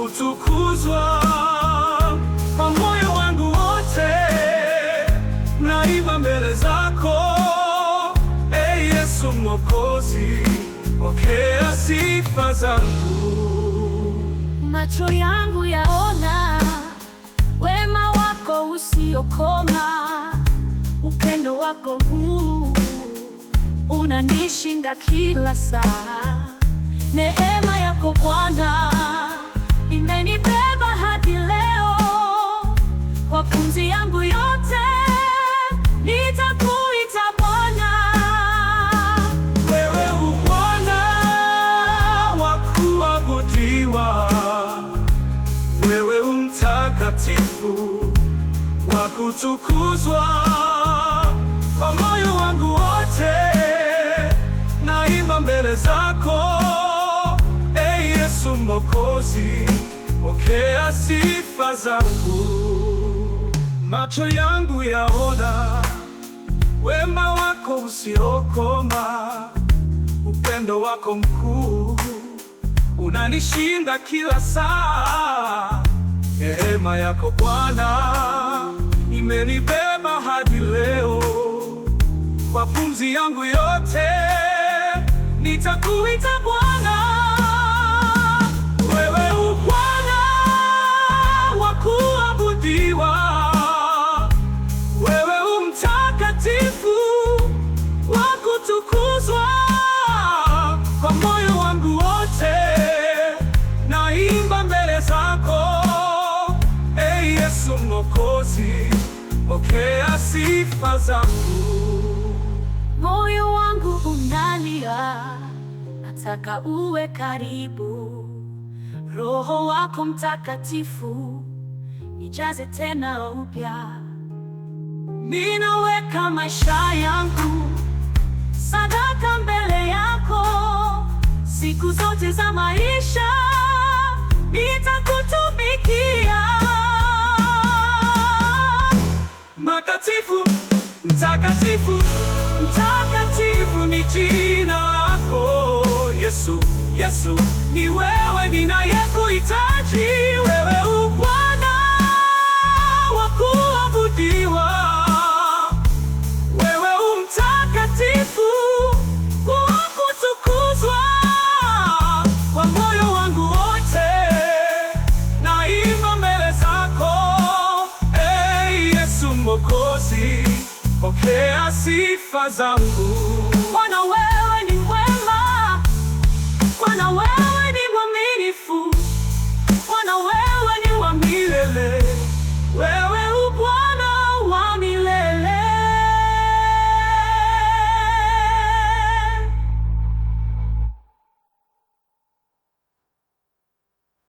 kutukuzwa kwa moyo wangu wote, naiva mbele zako, e Yesu Mwokozi, pokea sifa zangu. Macho yangu yaona wema wako usiokoma, upendo wako huu unanishinda kila saa. Neema yako Bwana umenibeba hadi leo, kwa pumzi yangu yote nitakuita Bwana. Wewe u Bwana wa kuabudiwa, wewe u wa kutukuzwa, kwa moyo wangu wote naimba mbele zako, e Yesu Mwokozi. Pokea sifa zangu, macho yangu yaona wema wako usiokoma, upendo wako mkuu unanishinda kila saa. Neema yako Bwana imenibeba hadi leo, kwa pumzi yangu yote kazi, pokea sifa zangu. Moyo wangu unalia, nataka uwe karibu. Roho wako Mtakatifu nijaze tena upya. Ninaweka maisha yangu sadaka mbele yako siku zote za maisha nita jina lako Yesu, Yesu, ni wewe ninayekuhitaji, wewe u Bwana wa kuabudiwa, wewe u mtakatifu wa kutukuzwa. Kwa moyo wangu wote naimba mbele zako, e Yesu Mwokozi, pokea sifa zangu. Bwana wewe ni mwema, Bwana wewe